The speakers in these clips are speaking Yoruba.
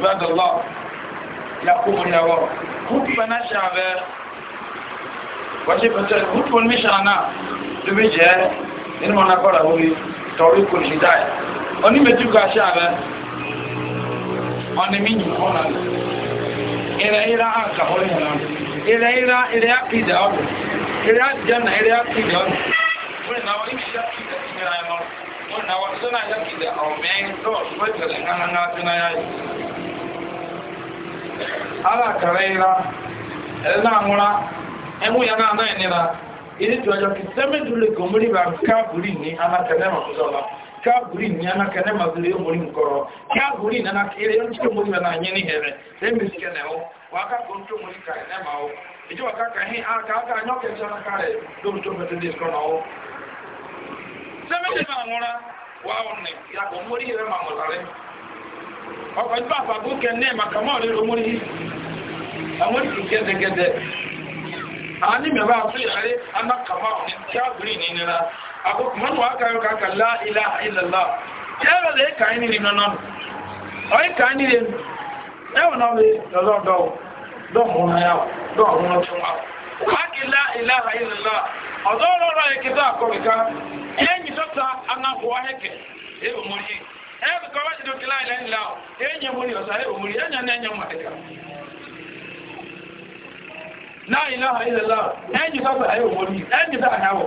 عباد الله يقوم النوار خطبة نشعب خطبة مشعنا لبجة إنما نقول هو طريق الهداية أني متوقع شعب أني مني هنا إلى إلى أنك هنا إلى إلى إلى أكيد أبو إلى الجنة إلى أكيد أبو ولنا وإيش أكيد أكيد أبو ولنا وإيش أكيد أبو ولنا وإيش أكيد أبو ولنا وإيش أكيد أبو ala karaira na anwura emu ya na anaghị nira ili tuwaja kiseme dule gomuri ba kaburi ni ana kene kanema kuzola kaburi ni ana kene kanema zile muri mkoro kaburi ni ana kile yon chike muri na nyeni hele temi sike neho waka kuntu muri ka nema ho ijo waka ka hi aka aka nyoke chana kare do mtu mtu disko na ho seme dule anwura wao ne ya gomuri ile mamotare ọkọ̀ ìgbà àpapọ̀ kẹ́ẹ̀ẹ́ màkàmọ́ rí romori àwọn ìkì gẹ́gẹ́gẹ́gẹ́ a ní mẹ́bà fún ìyàrí anákàmọ́ ní káàkiri ní nira àkókùnmọ́nù wákàrẹ́ kàkà láìlá ìlàlá ẹ̀rọ lè kàí nílì nánà ọ̀yí kàí nílì ẹ̀wọ̀n náà lè lọ́lọ́dọ̀ dọ́mùn ayáwọ̀ dọ́mùn ọ̀tún wà láàkìlá ìlàhà ìlàlá ọ̀dọ́ ọ̀rọ̀ ìkìtà àkọ̀wẹ̀ká ẹ̀yìn tọ́ta anáhùwá hẹ́kẹ̀ ẹ̀wọ̀n mọ́ yìí ẹ̀rù kọ́wọ́ ti dókè láìlẹ́ ńlá ọ̀ ẹ̀yẹ mo ní ọ̀sán ẹ̀rù múrí ẹ̀yẹ ní ẹ̀yẹ mọ̀ ẹ̀kà láìláha ìlàlá ẹ̀yẹ sọ́tọ̀ ẹ̀rù múrí ẹ̀yẹ sọ́tọ̀ àyàwó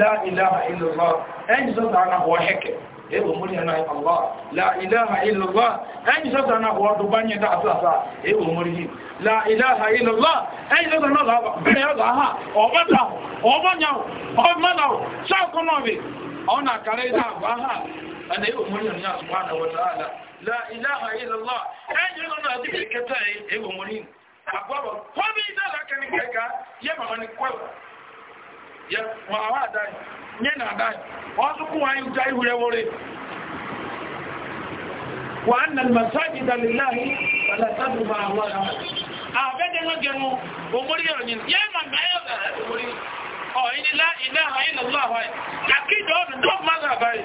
láìláha ìlàlá ẹ̀yẹ sọ́tọ̀ àyàwó ẹ̀kẹ̀ ẹ̀rù múrí ẹ̀nà ìpàlá láìláha ìlàlá ẹ̀yẹ sọ́tọ̀ àyàwó ọdún bá nyẹ dáadáa ẹ̀rù múrí láìláha ìlàlá ẹ̀yẹ sọ́tọ̀ náà bẹ̀rẹ̀ ọ̀dọ̀ àhá أنا يوم مريم يا سبحانه وتعالى لا إله إلا الله أجل أنا أدب الكتاي يوم مريم أبواب فمي ذلك نكيكا يما من كوي يا وعوا داي نينا داي واسكو عين جاي هو يوري وأن المساجد لله فلا تدعوا مع الله أحد أبدا ما جنوا ومريم يما ما يذهب مريم أو إن لا إله إلا الله أكيد هذا دوب ماذا باي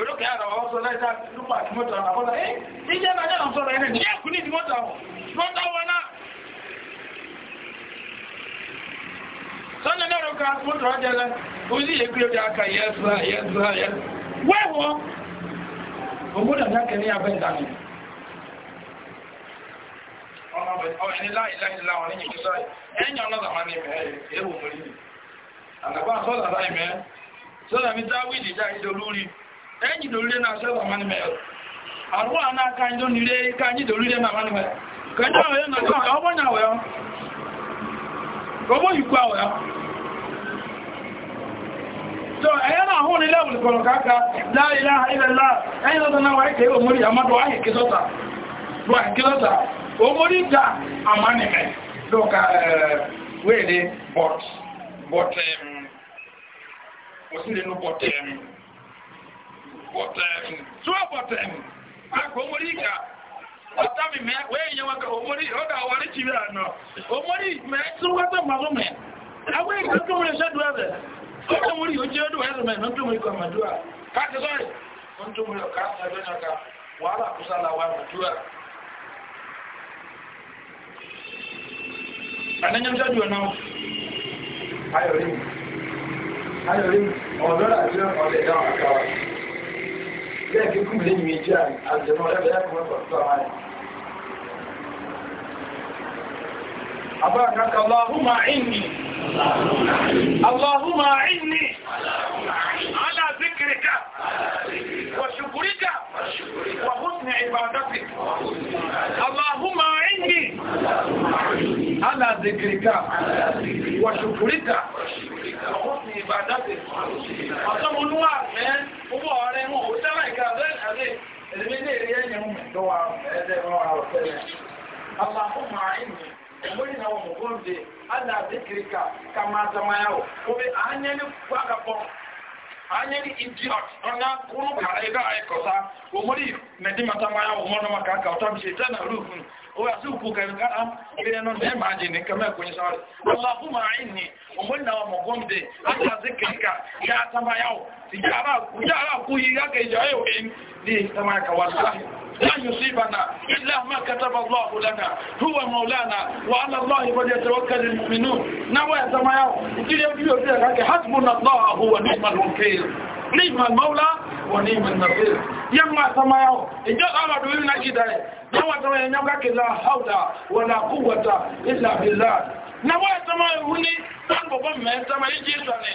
olókè àrà wọ́n sọ láìsá lúpà àti mọ́tò àwọn àbọ́lá ẹ́ ìjẹ́ náà náà sọ̀rọ̀ ẹ̀rẹ̀ ní ẹ̀kú ní ìdímọ́tò àwọn mọ́tò wọn náà sọ́nà náà rọ̀ká mọ́tò ọjẹ́lẹ̀ orí èkú ebi aka yẹ́sà yẹ́sà yẹ́sà wẹ́wọ́ ògbódà ní akẹ́lẹ́ abẹ́ ìdáni ọ̀rẹ́ láìláìlá ọ̀rẹ́ yìí sọ́ ẹ̀yìn ọ̀nà zàmánì mẹ́rin ẹ̀wò mọ́rí àgbà sọ́dà láì mẹ́ sọ́dà mi táwìlì jáde lórí ẹ̀yìn ìdòrúlé náà sẹ́bà máa ní mẹ́rọ àwọn àná aka ìjọ nílé ká ní ìdòrúlé máa ní mẹ́rọ kẹjọ àwọn ẹ̀yìn náà ọgbọ́n ní àwẹ̀ ọgbọ́n ìkú àwẹ̀ so ẹ̀yẹ́ náà hún nílé òlùkọ̀rọ̀ káàkà láìlá ilẹ̀lá ẹ̀yìn lọ́tọ̀ náà wáyé kẹ́ òmórí àmọ́dọ̀ wáyé kí sọ́tà òmórí dá àmánìmẹ̀ lọ́ka wéèdè bọ̀t bọ̀t ẹ̀m òsìlẹ̀ nú bọ̀t ẹ̀m two of them akomori ka ọta mi mẹ wẹ́ẹ̀ yẹn wọn kọ omori ọdọ àwọn arìchìrì àná omori mẹ tí wọ́n tẹ̀ mọ̀ mẹ́ àwọn èèyàn tó mọ̀ ṣẹ́ dùn ẹ̀bẹ̀ ọdọ mori ojú ọdún ẹ̀rọ mẹ́ lọ́dún mọ̀ ikọ̀ màdúrà káàkiri sọ́rọ̀ lọ́dún mọ̀ ọ̀ká ẹ̀rọ ẹ̀ka wàhálà kúsàlà wà màdúrà. àníyàn ṣẹ́ dùn náà ayọ̀ rí ayọ̀ rí ọ̀dọ́ لكن يكون بدين ميجان الجماعة بياكم وتوصل عليه أباكك اللهم عني اللهم عني على ذكرك وشكرك وحسن عبادتك اللهم عني على ذكرك وشكرك اللهم أعني mulina wa mugonde ala zikirika kama zama yao obe anyani kwaga po anyani idiot ona kunu ka ega aikosa omuri medima tama yao mono makaka otamshi tena rufun oya si ukuka yuka obe no ne majini kama kwenye sawari allahumma aini mulina wa mugonde ala zikirika ya tama yao tijara kujara kuyi yake ijayo ni tama yaka wallahi لا يصيبنا إلا ما كتب الله لنا هو مولانا وعلى الله فليتوكل المؤمنون نوايا زمايا حسبنا الله هو نعم الوكيل نعم المولى ونعم النصير يما سمايا إجا الله لنا كده نوى زمايا نمك لا حول ولا قوة إلا بالله نوايا زمايا هني تنبو بمه زمايا جيساني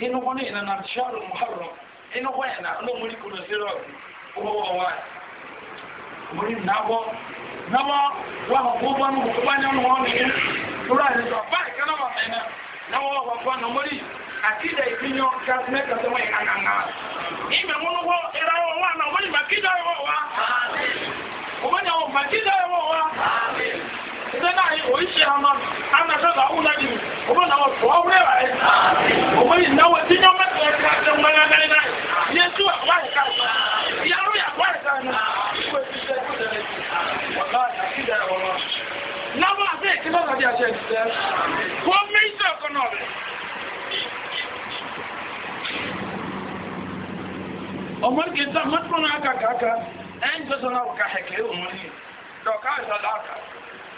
inu ko ne na sharu muharram inu ko na no muri ko zero ko wa muri na bo na bo wa ko ba no ko ba ne no ne tura ni so ba ka na ma na na wa wa ko no muri akida ibinyo ka me ka so mai an an ibe mu no wa wa na muri wa ìdẹ́ náà oríṣi àmà àmàṣọ́gbà ọ̀làdì ọmọ náà fọ́ wúrẹ́wà ẹ̀ ọmọ ìnáwó tí yọ mẹ́tẹ̀ẹ́ ká jẹ mọ́lá náà náà yẹn tí wà wáyé ká ìyàrú yà wáyé ká náà ìwé ti jẹ́ kó dẹ̀rẹ̀ sí wàlá àti ìdẹ̀rẹ̀ wọn. Náwó àti ìkílọ̀ tàbí àṣẹ ìṣẹ́ fún méjì ọ̀kan náà rẹ̀. Ọmọ ìgbésà mọ́tò náà kàkàkà ẹ̀ ń gbẹ́sọ̀ náà kà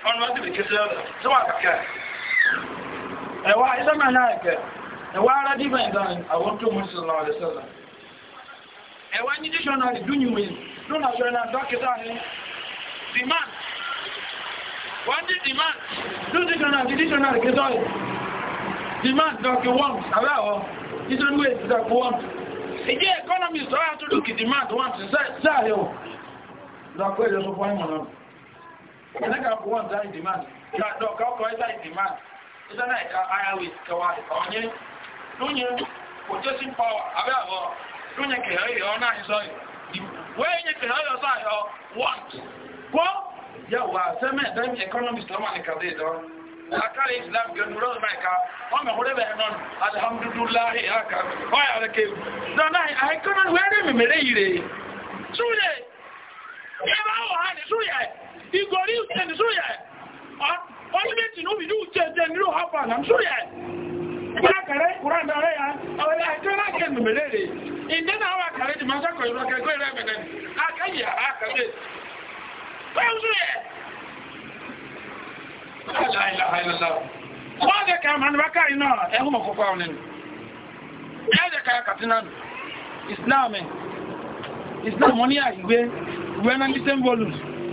ọ̀nà ọdún ìkẹsẹ̀ ọ̀dọ̀ tí wọ́n kàkẹ́ ẹ̀wà ìsọ́mà náà ẹ̀kẹ́ ẹ̀wà ara dìbà ìdáni àwọn tó mú sí lọ́wọ́ lẹ́sẹ̀lá ẹ̀wà ní díṣọ́nàrì dúnyìnwé lónà ṣọ́nà dókítà ní demand wọ́n dí demand tó díṣọ́nàrì díṣọ́nàrì kẹsọ́ demand dọ́kí wọ́n aláwọ̀ nítorí ìdíjàkú wọ́n ìdí economy sọ́yà tó dùkì demand wọ́n ti sáà ẹ̀lẹ́gà fún wọn dá ìdìmáà yàtọ̀ kọ́kọ́ ẹ̀dá ìdìmáà ìdáná ẹ̀ka ayawe kẹwàá ìkọ̀ọ̀nyẹ́ lóyìn purchasing power abẹ́ àwọ̀ lóyìn kẹ̀yọ́ ìyọ́ náà ìsọ wẹ́yìn kẹ̀yọ́ ìyọ́ sọ àyọ́ want kó yàwó àṣẹ́mẹ̀ ẹ̀dẹ́mì economy islamic nìkàdé ìdọ́ akari islam gẹnu rọ́ọ̀dù mẹ́ka wọ́n mẹ̀ wúrẹ́ bẹ̀rẹ̀ náà alhamdulilahi aka ọ̀yà rẹ̀ kéwù dọ́nà àìkọ́nà wẹ́rẹ́ mẹ̀mẹ̀rẹ́ yìí rẹ̀ súyẹ̀ yẹ́ bá wọ̀ hàn súyẹ̀ igori uche ni so yɛ ɔlimeti ni obi ni uche je ni lo hafa na so yɛ kura kare kura dare ya awele ake na ke numelere inde na awa kare di masa ko iro ke ko ire mene aka yi ara aka be pe so yɛ ala ila ila la wa de ka man ba kai na e hu mo ko pa onen e de ka katina islam islam oni a iwe iwe na ni same volume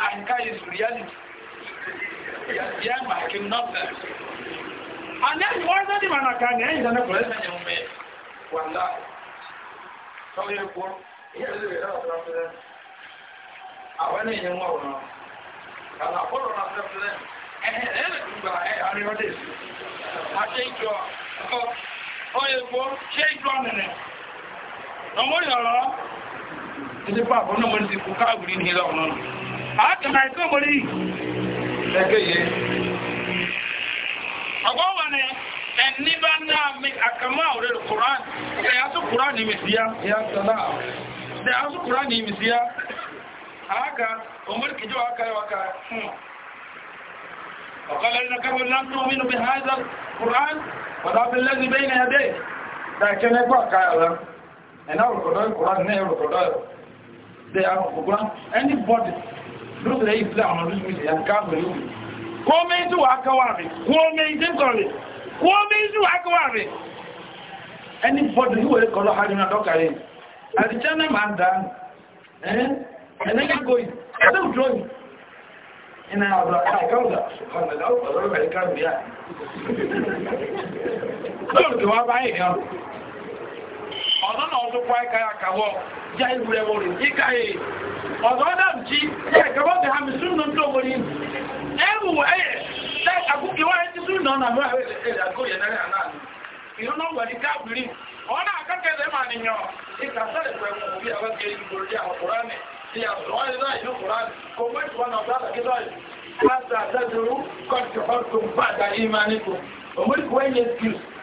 Anka is reality. Yeah, I cannot. And then why not even a can end and a present you made? Well, that. So you go. Àwọn ènìyàn wọ̀n wọ̀n. Àlàfọ́ lọ́nà sẹ́fẹ́lẹ́. Ẹ̀hẹ̀ ẹ̀rẹ̀ gbogbo àríwọ́dé. A ṣe ìjọ ọ̀yẹ̀gbọ́ ṣe ìjọ nìrìn. Ọmọ ìyọ̀rọ̀. Ìdípa àbọ̀nà mọ́ ti kú káàkiri ní ilẹ̀ ọ̀nà àákàmà ẹ̀kọ́ mọ̀rí ẹgbẹ́yẹ ọgbọ́wà ni ẹni bá náà mi àkàmà ọ̀rẹ́ kùrán ẹ̀yà tó kùrán ní mìsíyá ẹ̀yà tó kùrán ní mìsíyá àákà ọmọdé kìjọ àákà ẹwàkà وقال لنا كبر لم نؤمن بهذا القرآن ولا بالذي بين يديه لكن يقول كايلا أنا أقول القرآن أنا أقول القرآن أنا أقول القرآن anybody dukkan islam a musulmi ya kama yau komai zuwa aka ware komai dinkore komai zuwa aka ware anybody who will call her in a doctor at the channel man down eh and then you go I don't draw you ina abu a kawo da su kan da zaɓa zaɓa da kan ọ̀nà náà ọdún kwa ẹka ya kàwọ́ já ìwú rẹ̀ wọ̀rẹ̀ ìka yìí ọ̀dọ̀ ọ̀dọ̀ jí ẹ̀ kàwọ́ bẹ̀ hàmì sún nù tó wọ̀rẹ̀ ẹ̀wù ẹ̀yẹ tẹ́ àkókèwà ẹ̀ ti sún nù mọ́ ẹ̀wẹ̀ ẹ̀dẹ̀ àgóyẹ̀ náà náà ìrúnà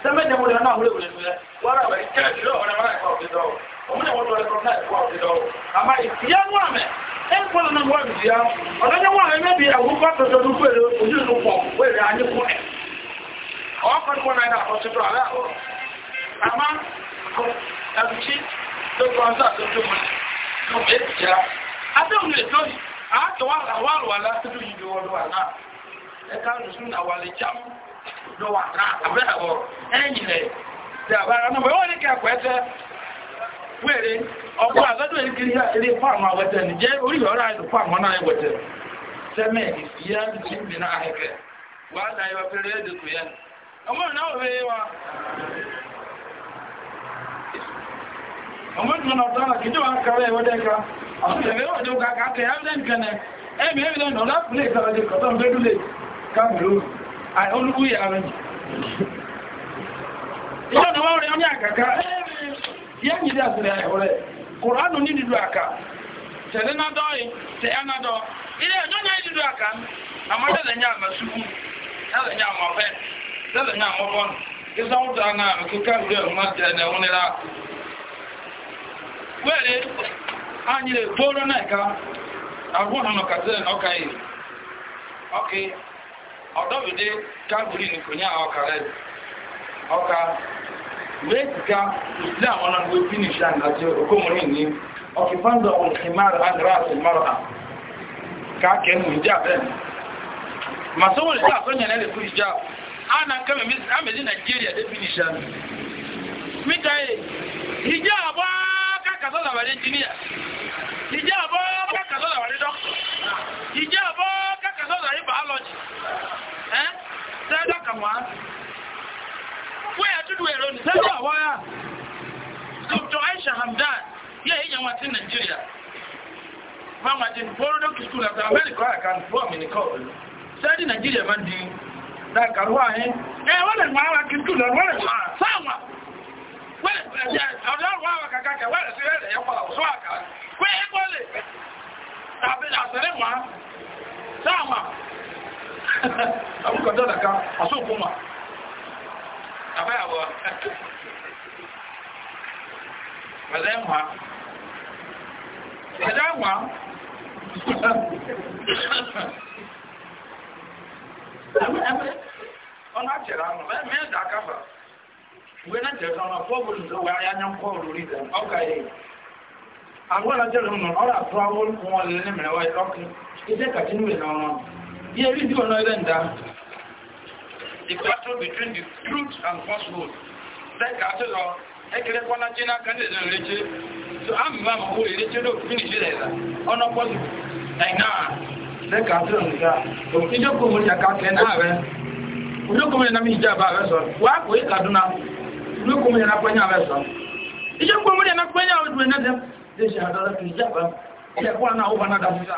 sẹ́mẹ́jẹ mo lè náà wúlé wúlé wúlé wọ́n àwọn ìkẹ́ ìdílé ọ̀rẹ́ máa ẹ̀kọ́ òfin dọ́wọ́ òun ni wọ́n lọ ẹ̀kọ́ náà ẹ̀kọ́ òfin dọ́wọ́ àmà ìfìyà mú àmẹ́ ẹ̀ ń pọ́nà náà wọ́n ìfìyà ọ̀dọ́jọ́ wọn ẹ̀mẹ́ bí àwọn kọ́ tọ́jọ́ ní pẹ̀lú ojú ìlú pọ̀ wẹ̀rẹ̀ ayé fún ẹ̀ ọkọ̀ ní wọn náà ọ̀sẹ̀ tó àlẹ́ àwọ̀ àmà ẹ̀fùchí tó kọ́ ń sà tó tó mọ́ ló bẹ́ẹ̀ ti jẹ́ adéhùn lè tó yìí àátọ̀ ló wà náà àbẹ́ àwọ̀ ẹ̀yìn rẹ̀ tí a bá ara náà wọ́n ní kẹ́kọ̀ọ́ ẹ̀tẹ́ wèrè ọkọ̀ àgọ́dọ̀ ìkiri ilé fáàmù àwẹ̀tẹ̀ nìjẹ́ orí ọ̀rọ̀ àìlú fáàmù náà ẹ̀wẹ̀tẹ̀ sẹ́mẹ̀ ìfìyà ti ń bìnà àhẹ́kẹ́ wà á dáyọ̀ fẹ́rẹ́ ẹ̀dẹ̀ kò yẹn ọmọ náà wẹ̀ wá ọmọ ìgbìmọ̀ náà tọ́lá kìí jọ wá kàrẹ́ ẹ̀wọ́dẹ́ ká olúkú ya rẹ̀ ìjọ́ ni wọ́n rí ọmọ àkàkà yẹ́ nìdí àtìrẹ ẹ̀họ́rẹ̀ kòránù ní dídú àkà tẹ̀lé náà dọ́ọ̀yì tẹ̀ ẹ́ náà dọ́ọ̀ ilé ẹjọ́ na dídú àkà ya ní àmàṣúkú tẹ̀lẹ̀ ní àmọ́fẹ́ tẹ̀lẹ̀ ní àmọ́fọ́nù ìsọ́wọ́ta náà kíkà ìlú ẹ̀hún ya ẹ̀nà ẹ̀hún nílá wẹ́rẹ́ anyìlẹ̀ ya náà ká kàtẹ́lẹ̀ náà ọ̀dọ́bìdé káàkiri nìkò ní àwọn ọkà rẹ̀ ọkà mẹ́tìká ìdí àwọn ọmọ ìwé finishan àti okòmọ̀rin ní ọkìfáńdọ̀ ọ̀kìmára àgbà àti mọ́ra káàkiri mú ìjà bẹ́ẹ̀ masu wọ́n ìjà tó yẹn lẹ́lẹ̀ fún ìjà ana kẹ́mẹ̀ mẹ́sì nàìjíríà dé finishan mítà ìjà àbọ́ kákàtọ́ làwàrí jìníà ìjà àbọ́ kákàtọ́ làwàrí dọ́kítọ̀ ìjà àbọ́ biology eh sẹ́dọ̀ kàn wá wọ́n yà dúdú èrò ní sẹ́dọ̀ àwọ́yà dr aisha hamdan yẹ èyàn wá sí nàìjíríà fáwọn àti bọ́ọ̀dọ́kì skul àti amẹ́ríkà àkàrí fún àmìnìkọ́ sẹ́dí nàìjíríà máa di dákàrú ààyẹ́ ẹ wọ́n lè máa wá kí skul lọ wọ́n lè máa wọ́n wọ́n lè sí abúkọ̀dọ́ dàka àsókùnmà àbáyàwó pẹ̀lẹ́ ẹ̀mà ẹ̀dá ẹ̀mà ọ̀nà àjẹ̀rẹ̀ àmà mẹ́ẹ̀dà káfà ìwé náà jẹ̀rẹ̀ àwọn ọ̀nà jẹ́rẹ̀ ọ̀nà ọ̀rọ̀ àtọ́ àwọn olùkọ́ lè ní mẹ́rẹ̀ wáyé lọ́kùn ìjẹ́ kàtínú ìlànà Here we do another than that. The battle between the truth and falsehood. That catches on. Ekele kwana china candidate and religion. So I'm mama who leche do finish it there. On opposite. Like now. That catches on that. So if you come with your cat and have it. Uyo kome na mi ijaba aveso. Wa ko e Kaduna. Uyo kome na kwanya aveso. Ijo kome na kwanya odwe na dem. Deshi adala ki ijaba. Ya kwa na uba na dafuza.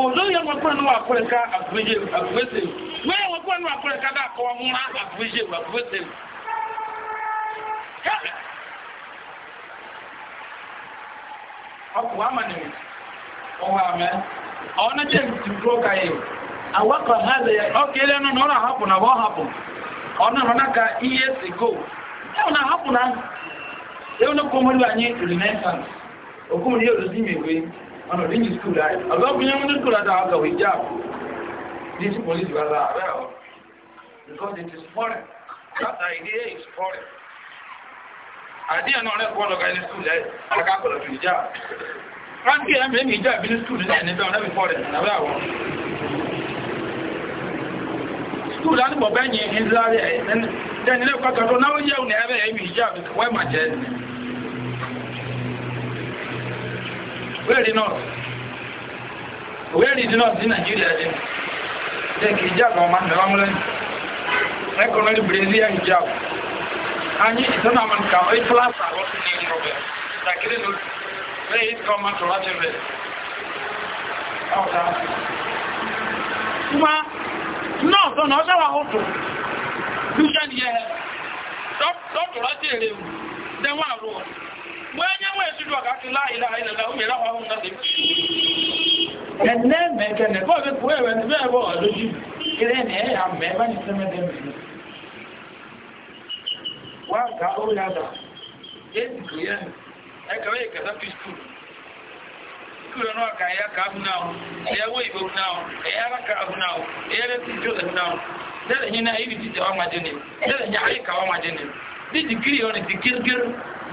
òòlù yẹn wọn kúrò a àpò ẹ̀ka àfúwéjì àfúwésè wọ́n yẹn wọn kúrò nínú àpò ẹ̀ka dàkọ̀ ọ̀húnra àfúwéjì àfúwésè. ọkọ̀ wa mànì ọwọ́ àmẹ́ ọ̀hún ẹ̀jẹ̀ ha lè na ilé ẹnu nọ́ọ̀rọ̀ àhàpù nà wọ́n hàpù ọ̀nà ọ̀nà díjì skúl láì ọ̀gọ́bìnrin mú ní skúl láti àwọn ọ̀gọ̀wé jà this police was aware because it is foreign that idea is foreign àdíyà náà rẹ̀ kọ́ lọ́gá ní skúl láì akákọ̀lọ̀ tó ìjà ránkì ẹ̀mí ẹ̀mí ìjà ìbí ní skúl ní ẹ̀ní bẹ́ẹ̀ ọ̀nẹ́bí foreign nàbẹ́ àwọn skúl láti bọ̀ bẹ́yìn ìzárí ẹ̀ wéèrè náà wéèrè dínà sí nàìjíríà jẹ́ jẹ́ kì í jà kan máa mẹ́wàá múlẹ̀ ẹkùnrin ní brazil hijab anyị ìtọ́nà àmà nǹkan ó pláṣà lọ́sùn ní ìlú rọ̀bẹ̀ dàkírí ló bẹ́ẹ̀ yìí kọ́ máa tọ̀rọ̀ àti rẹ̀ ọ̀tá kuma náà tọ́nà ọjọ́ wa hótò lúṣẹ́ ni ẹ̀ dọ́tọ̀rọ̀ àti èrè dẹ́wọ̀n àrùn wọ́n èsì lọ kàkí láìlà ìlàlà omi ìlàwọ̀ ọ̀hún náà lèmi. ẹnẹ mẹkẹnẹ bọ́ọ̀ bí kúrẹ́ rẹ̀ ti bẹ́ẹ̀ bọ̀ lójú kílẹ̀ ní ẹ̀ yà mẹ́ bá ní sẹ́mẹ́dẹ́ mi. wá ká ó yàtọ̀ éjì kò yẹ ẹ kàwé ìkàtà fi skul skul náà kà ẹ̀yà kàáfù náà ẹ̀yà wọ ìbò náà ẹ̀yà ara kàáfù náà ẹ̀yà rẹ̀ ti jó lẹ́nu náà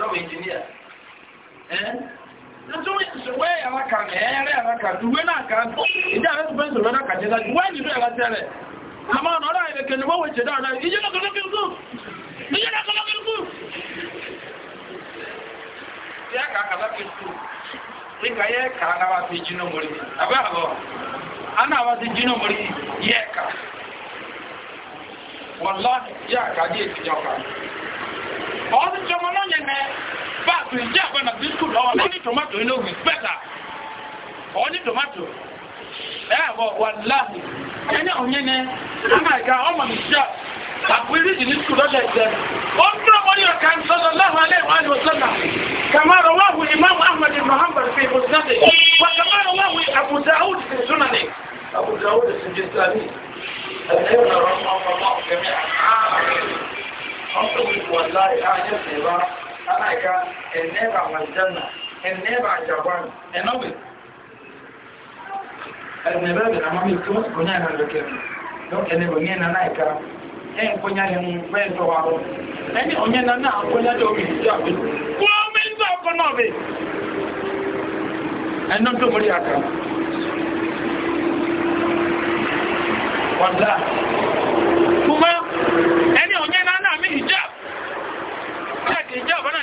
dɔw engineer ɛn nso suwe yàrá kan ɛyẹrẹ yàrá kan suwe náà kan ìdí àwọn ẹsùn fẹsùn lọ́dọ̀ kàdé la suwe yìí ló yàrá tẹ́lẹ̀ àmọ́ ọ̀nà ọ̀dọ̀ àyẹ̀kẹ́ ni wọ́n wò ṣe dáadáa ìyé lọ́kọ̀lọ́ kí n kú ìyé lọ́kọ̀lọ́ kí n kú. ìyá kàkà lọ́kì kú nígbà yẹ kà á náwó àti jìnnà mọ́rí àbẹ́ àbọ̀ á náwó àti jìnnà mọ́rí yẹ kà wọ́n lọ́ organic tomato you know is better organic tomato ẹ bọ wàláhì ẹni ọ̀nyẹ́ ni amáìka ọmọ mi ṣá àpèrí ìdí sùn lọ́dọ̀ ẹ̀jẹ̀ ó ń dúró wọ́n yóò kàn sọ́dọ̀ láwọn alẹ́ ìwà ni òṣèlú kàmá rọwáhù ìmáàmù ahmed muhammad fi ìbùsùnàdì wà kàmá rọwáhù abu dawud fi sunani abu dawud fi jisani ẹ̀jẹ̀ rọrọ ọmọ ọmọ kẹmí àárín ọmọ tó wù wàláhì ààyè ṣèlú amáìka ẹ̀nẹ́ ramadan náà and never shall want, and always. Ẹnẹ̀bẹ̀ bẹ̀rẹ̀ àwọn mi tí wọ́n sì kọjá ìrìnàjò kẹrin lọ́kẹ̀ ní òní ẹ̀nà náà ìka ẹ̀ ń kọjá ẹnu fẹ́ ìjọ wa ẹ̀nà mi ń sọ ọkọ náà bẹ̀. Ẹnu tó mórí àkà. Wọ́n dá. Kúmọ́ ẹni òní ẹ̀nà mi ìjọ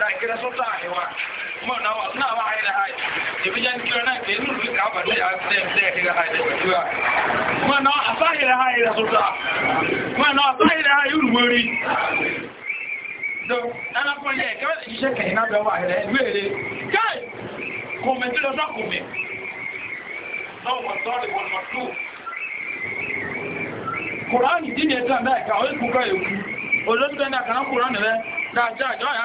da Kùránì dí ní ẹjọ́ àmẹ́ ẹ̀ka, ó ń kúkọ́ èkú, olóòtú ẹni àkàrà Kùránì rẹ̀, dáadáa ìjọ́ àyà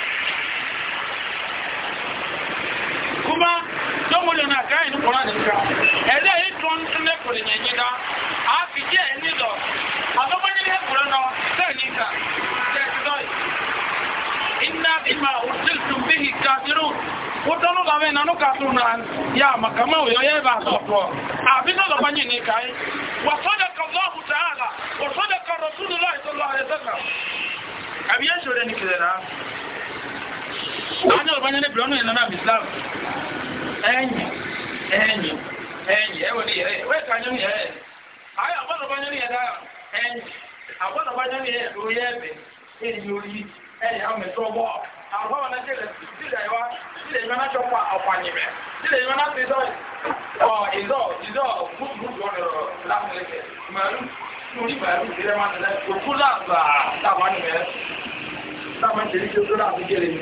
ba domo le na kai ni kora ni ka ele e ton ne ko le nyenye da a fi je ni lo ado ma ni le kora no se ni ka se do inna bima ursiltum bihi kafirun ko to no ga me na no ka to na ya makama o yo ye ba so to a bi no lo ba ni ni kai wa sadaqa allah ta'ala wa sadaqa rasulullah sallallahu alaihi wasallam abi yashore ni Ajọ́ ọ̀bá nílé bìlọ́nù ìlànà Islam. Ẹ̀yìn, ẹ̀yìn, ẹ̀yìn, ẹ̀wọ̀n ni ẹ̀yìn, wẹ́ẹ̀ ká nyẹ́ ẹ̀yìn. Ayọ̀ àbọ̀dọ̀ bá nyẹ́ ẹ̀dá ẹ̀yìn, àbọ̀dọ̀ bá nyẹ́ ẹ̀rọ yẹ́ ẹ̀bẹ̀, ẹ̀yìn orí, ẹ̀yìn àmẹ̀tọ́ bọ́. Àwọn ọ̀nà jẹ́lẹ̀ sílẹ̀ wa, sílẹ̀ ìmọ̀ náà ṣọ́pọ̀ ọ̀pànyẹ̀mẹ̀, sílẹ̀ ìmọ̀ náà fi ìzọ́ ìzọ́ ìzọ́ gbúgbúgbú ọ̀nà láàmúlẹ̀kẹ̀, màálù, lórí màálù ìrẹ́mọ̀ náà, òkú láàbà láwọn ènìyàn, láwọn ìṣèlú tó láàbù jẹ́lẹ̀ mi.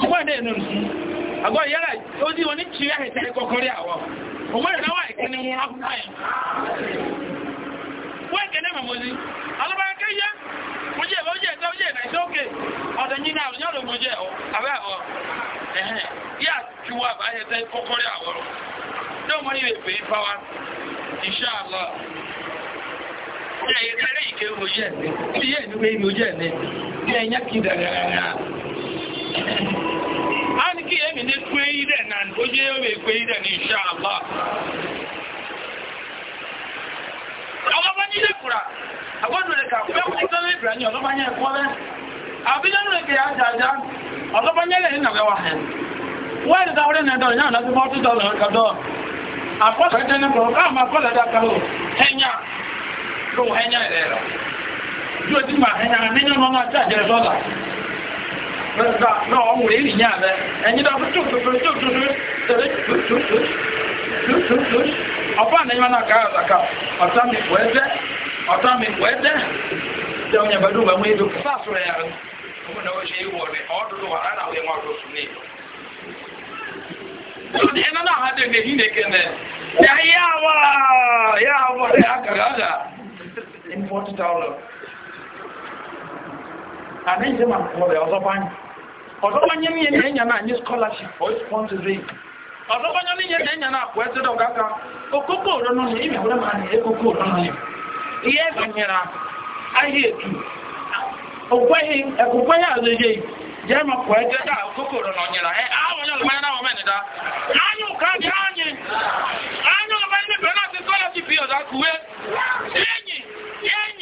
kuma da yanar su agwa yara ozi wani ci ya haita ikokori awa umar na wa ikini mu akwai wọ́n kẹ́ náà mọ̀mọ́lí alábárakẹ́ yá mo jẹ́ ẹ̀bọ́ jẹ́ ẹ̀ta ó jẹ́ ẹ̀nà ìṣókè ọ̀dọ̀ yìí náà ní ọ̀dọ̀ mo jẹ́ ọ̀ àwẹ́ àwọ̀ ẹ̀hẹ́n yá ti wá àbáyẹ tẹ́ kọ́kọ́rẹ́ àwọ̀ tó mọ́ ní ìwé ìfẹ́ wa iṣẹ́ àlọ́ ẹ̀yẹ tẹ́lẹ̀ ìkẹ́ mo jẹ́ ẹ̀ní bí yẹ́ ìnúwé mo jẹ́ ẹ̀ní bí ẹ̀yẹ́ kí dàgbà ní pé ìdẹ̀ náà ó yé ó wè pé ìdẹ̀ ní insha Allah ọlọ́bá nílé kùrà àgbọ́dù rẹ̀ kàkùnbẹ́ kùn ní kọ́lẹ̀ ìbìrà ní ọlọ́bá ní ẹ̀kọ́ rẹ̀ àbíjọ́nù rẹ̀ kìí àjàjá ọlọ́bá ní ẹ̀lẹ́ ìnàwẹ́wà ẹ̀ wọ́n ẹ̀dẹ̀ta orí ẹ̀nà ẹ̀dọ̀ ìyáwó láti mọ́ tó dọ̀lọ̀ ẹ̀kọ́dọ̀ àkọ́sọ̀ ẹ̀dẹ́nu kọ̀ọ̀ káàmà kọ́lẹ̀ dákàlò ẹ̀yà lóhun ẹ̀rẹ̀ rẹ̀ yóò tí máa ẹ̀yà nínú ọmọ àti àjẹrẹ̀ sọ́là mẹ́ta náà ọ̀hún rẹ̀ ìrìn yàn rẹ̀ ẹ̀yin náà tó tó tó tó tó tẹ̀lé tó tó tó tó tó tó ọ̀pá àníyàn náà ká àzàkà ọ̀tá mi wọ̀ ẹ́dẹ́ ọ̀tá mi wọ̀ ẹ́dẹ́ tẹ ọ̀nyẹ̀ bẹ́ẹ̀ dùn bẹ́ẹ̀ mú edo fún àsọ̀rọ̀ yà rẹ̀ ọmọ náà wọ́n ṣe é wọ̀ rẹ̀ ọ̀ọ́dúnrún wà rárá àwọn ẹ̀wọ̀n àdó sùn ní ìlú. ẹ̀nà náà á dẹ̀ nìyí nìkẹ́ nẹ̀ yà yà wà yà wà rẹ̀ àkàrà àgà in forty thousand. ana ihe ma mkpọrọ ya ọzọkwanye anyị niile na enye na anyị scholarship for sponsoring ọzọkwanye niile na enye na akwa eze dọga aka okoko oro nọ na ibi ma na ekoko oro nọ ihe banyere ahịa etu okweghị azụghị ma kọ̀ na dà kòkòrò nà ọ̀nyẹ̀rà ẹ àwọn ọ̀nyẹ̀ lọ́mọ na ọmọ anyị,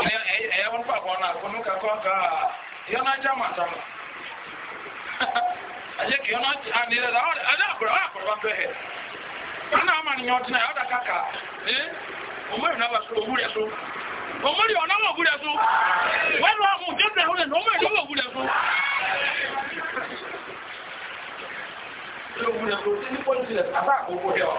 ẹ̀yẹ wọn pàpọ̀ náà kò ní kakọ́ ka yọ́nà jẹ́ màtàmù ajẹ́ kì yọ́nà ànílẹ̀ adé àkùrọ̀ àkùrọ̀ bá fẹ́ wọn náà mà nìyàn tìǹà yọ́dà kàkà ẹ òmùrì náà wà sọ òwúrẹ̀ so òmùrì ọ̀nà wà òwúrẹ̀ so wọ́n lọ àwọn òjò bẹ̀rẹ̀ òwúrẹ̀ òmùrì náà wà òwúrẹ̀ so. òwúrẹ̀ so ní pọ́lísì rẹ̀ àbá àkókò rẹ̀ ọ̀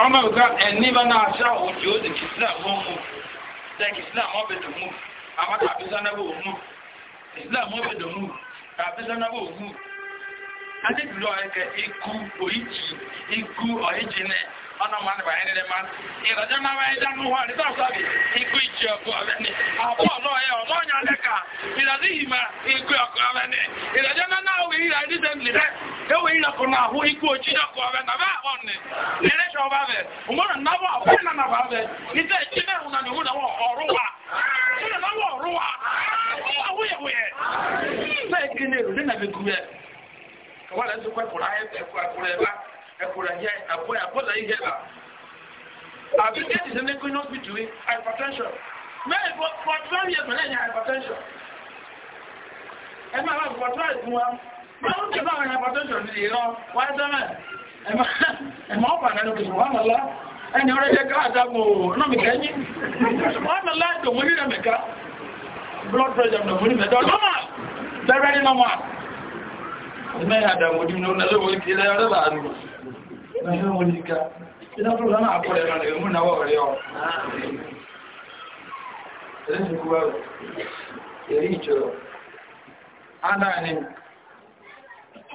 ọmọ ìgbà ẹni bá náà ṣá òjò ó dìkì islam ó mú dìkì islam ó bẹ̀ dùn mú àwọn tàbí sanábò ó mú islam ó bẹ̀ dùn mú tàbí sanábò ó mú adébìlọ ẹ̀kẹ́ ikú òyìjì ikú ọ̀yìjì náà ọ̀nà máa nìbà ẹni lè máa ìrọ̀jẹ́ máa wáyé dánú wà ní sáàsáàbì ikú ìjì ọkọ̀ ọ̀rẹ́ ni àpọ̀ ọ̀nà ẹ̀ ọ̀nà ọ̀nyà lẹ́ka ìrọ̀jẹ́ ìmà ikú ọkọ̀ ọ̀rẹ́ ni ìrọ̀jẹ́ náà náà wí ìrà ní sẹ́mi lẹ́ ewu ìrà kò náà hú ikú ojú ọkọ̀ ọ̀rẹ́ nàbẹ́ ọ̀nì nílé ṣọba bẹ̀ òmùrùn náwó àpọ̀ ìnà nàbà bẹ̀ níta ìjì náà hùn náà hùn náà ọ̀rọ̀ wa hùn náà ọ̀rọ̀ wa awúyẹ̀wúyẹ̀ bẹ́ẹ̀ kí ni èrò dínà mi kú yẹ kọ́wọ́ lẹ́nu tó kọ́ ẹ̀kọ́ ẹ̀kúrẹ̀yẹ ẹ̀bọ́ ẹ̀bọ́dà yìí gẹ̀gà. Àbí kéèdì sí ní kúnyó bí tuwé hypertension. Mẹ́rin for for twelve years mẹ́rin ní hypertension. Ẹ máa bá for fún wa. Máa ń tẹ̀lé àwọn hypertension ní ìran wá sẹ́mẹ̀. Ẹ máa ọ̀pọ̀ àná lókè wọ́n lọ́lá. Ẹni ọ̀rẹ́ jẹ́ ká àdágún ọ̀nà mi kẹ́yìn. Wọ́n lọ́lá ìdòmú rírẹ̀ mẹ́ka. Blood pressure ìdòmú rírẹ̀ mẹ́ka. Normal. Very normal. Ẹ̀mẹ́ àdàmọ̀dì ní ọ̀nà lọ́wọ́ ìkìlẹ̀ ọ̀rẹ́ bàánù na ihe nwere idan kuma zana akwai yana daga muna wa wari yawon ɗin su kuma yari ciro ana ne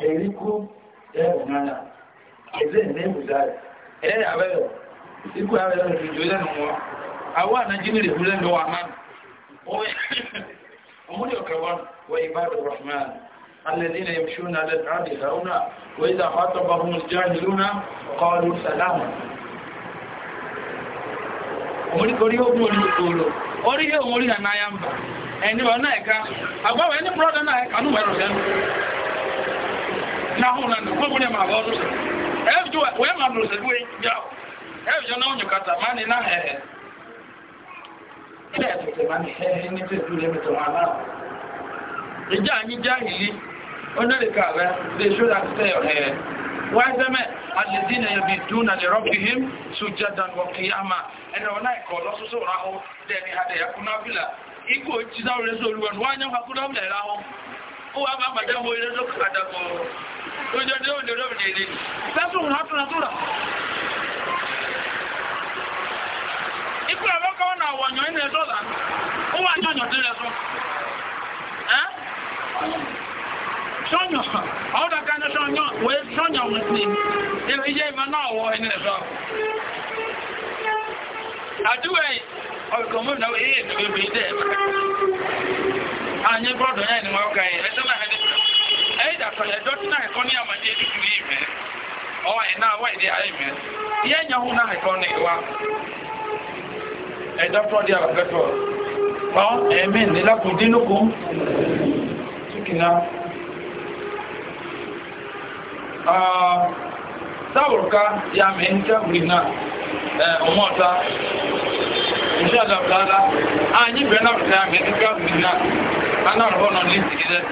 yari ko yawon nana ẹzẹ́ ní ìbùdá rẹ̀ ẹ̀yà abẹ́rẹ̀ ikú abẹ́rẹ̀ ìjọ الذين يمشون على الأرض هونا وإذا خاطبهم الجاهلون قالوا سلاما orí yóò mú orí àná ya ẹni wọn ẹ̀ka àgbáwọ̀ ẹni búrọ́dọ̀ náà ẹ̀ka ní mẹ́rọ lẹ́nu náà lẹ́nu fún ìbúrẹ́ màá lọ́dún sí ẹ̀ẹ́dù wẹ́ẹ́ màá lọ́dún sí wé yá náà onírìkà rẹ̀ they show that stay your hair wọ́n ẹgbẹ́mẹ́ alìdínà yẹ̀bì dúnà lè rọ́bìhìm sójádàn wọ̀kìyàmà ẹni ọ̀nà ìkọ̀ lọ́sọ́sọ́ ráhó dẹni àdẹ̀yàkúnábìlà ikú òjìdá orílẹ̀-èdè olúwẹ̀n wọ́n yẹ́ kakúnábìlà ráhó ó wá máa bàjẹ́ mọ́ ilé lókè àdàbọ̀ ojú ọdún òní olóòrùn èdè sẹ́sùn látúnatúrà ikú àbọ́kọ́ náà wọ̀nyàn ilẹ̀ dọ́là ó wà ní ọ̀nyàn sonyo awda kana sonyo we sonyo muslim ilo ije ma na wo ene so aduwe ọkọ̀ mọ́ ìnáwó èyí èdè bèbè ìdẹ́ àyè brọ́dọ̀ yẹn ni wọ́n káyẹ̀ ẹjọ́ náà ẹni ẹ̀dàkọ̀ ẹjọ́ tí náà ẹ̀kọ́ ní àmàdé ẹ̀dùkùrú ìmẹ́ ọwọ́ ẹ̀ náà wọ́ ìdí ayé mẹ́ yẹ́ nyàwó náà ẹ̀kọ́ ní ìwá ẹjọ́ brọ́dọ̀ yà lọ́pẹ́tọ̀ ẹ̀mí nílákùndínlógún túkìnà saburka ya menta brina umota insha Allah taala anyi bena ya menta brina ana rono ni sigire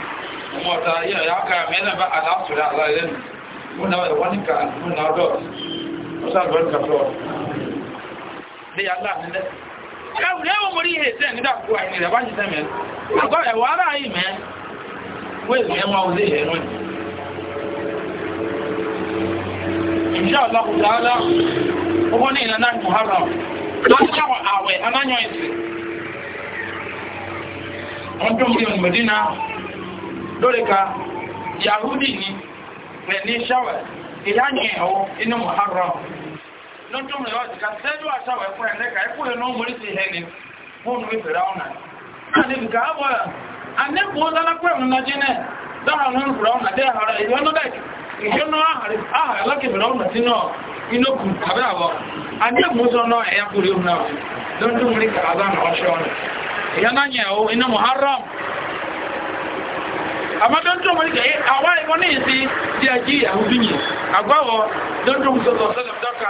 umota ya ya ka mena ba ala sura ala yen muna wani ka muna do osa ban ka to de Allah ne ka le o mori he se ni da ku ai ni da ba ni se me agora wa ara yi me we me ma o le insha Allah agha, ụgbọ niile na Muharram lọ́sí àwẹ̀ anáyọ̀ ìsìn ọdún mílíọ̀nù Medina lórí ka Yahudi ni rẹ̀ ní ṣáwẹ̀ ìyáyìn ẹ̀họ́ inú Muharram lọ́dún rẹ̀ ọ̀sì ka àṣàwẹ̀ fún ìṣọ́nà alákẹ̀bẹ̀rẹ̀ ọ̀nà sínú inókù tàbí àwọ̀ adébùsọ́nà ẹ̀yà kúrò ìhùn náà lọ́dún mú ní kàràbà náà ṣọ́ ọ̀nà ìyá náà yẹ̀ ọ́ iná muharram àmọ́dọ́dún mú ní kẹ̀ àwárẹ̀kọ́ ní ìsí díẹ̀ jí àhúbíyìn àgbáwọ̀ dọ́dún sọ́sọ́ sọ́lọ̀ dọ́ka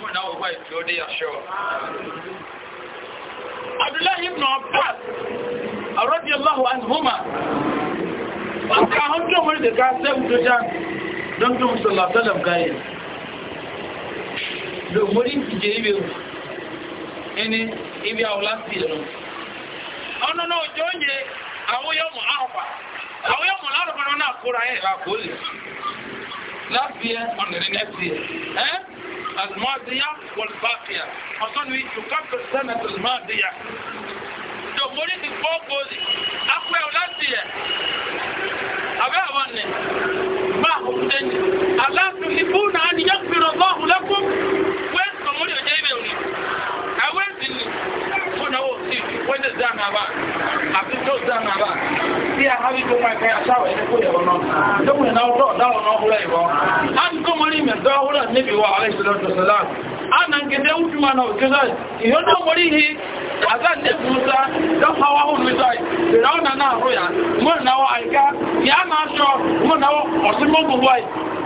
fún ìnáwó gbà ìtò ní aṣọ. Abdullahi ibn Abbas, radiyallahu anhuma, ọkà hàn tó mọ́rí da ká sẹ́wù tó já don tó musallar salam gáyẹ̀. Da mọ́rí ìjẹ ibe ẹni ibi àwọn láti ẹ̀rọ. Ọ̀nà náà jọ ń yẹ àwọn yọmọ̀ àrùpà. Àwọn yọmọ̀ àrùpà náà kóra ẹ̀ lákòólè. Láti ẹ̀ ọ̀nà ní nẹ́ẹ̀sì ẹ̀. الماضية والباقية أظن يكبر السنة الماضية tòmórí ti gbọ́ gbòòrì apẹ́ ọ̀láti ẹ̀ abẹ́ àwọn ni máa kò tẹ́ni aláàtúndínlẹ́kùn náà ni yóò fi rọ̀ lọ́hùn lẹ́kùn. when does that matter? Have you told that matter? See, I have it on my prayer shower. Don't we now talk that one over there? And come on in, and don't hold us, maybe, wa alayhi salatu salam. And I'm getting out to my now, because you don't know what he is. As I said, Musa, don't have our own reside. The round and now, Roya, more now I can, Yama Shaw, more now, or some more white.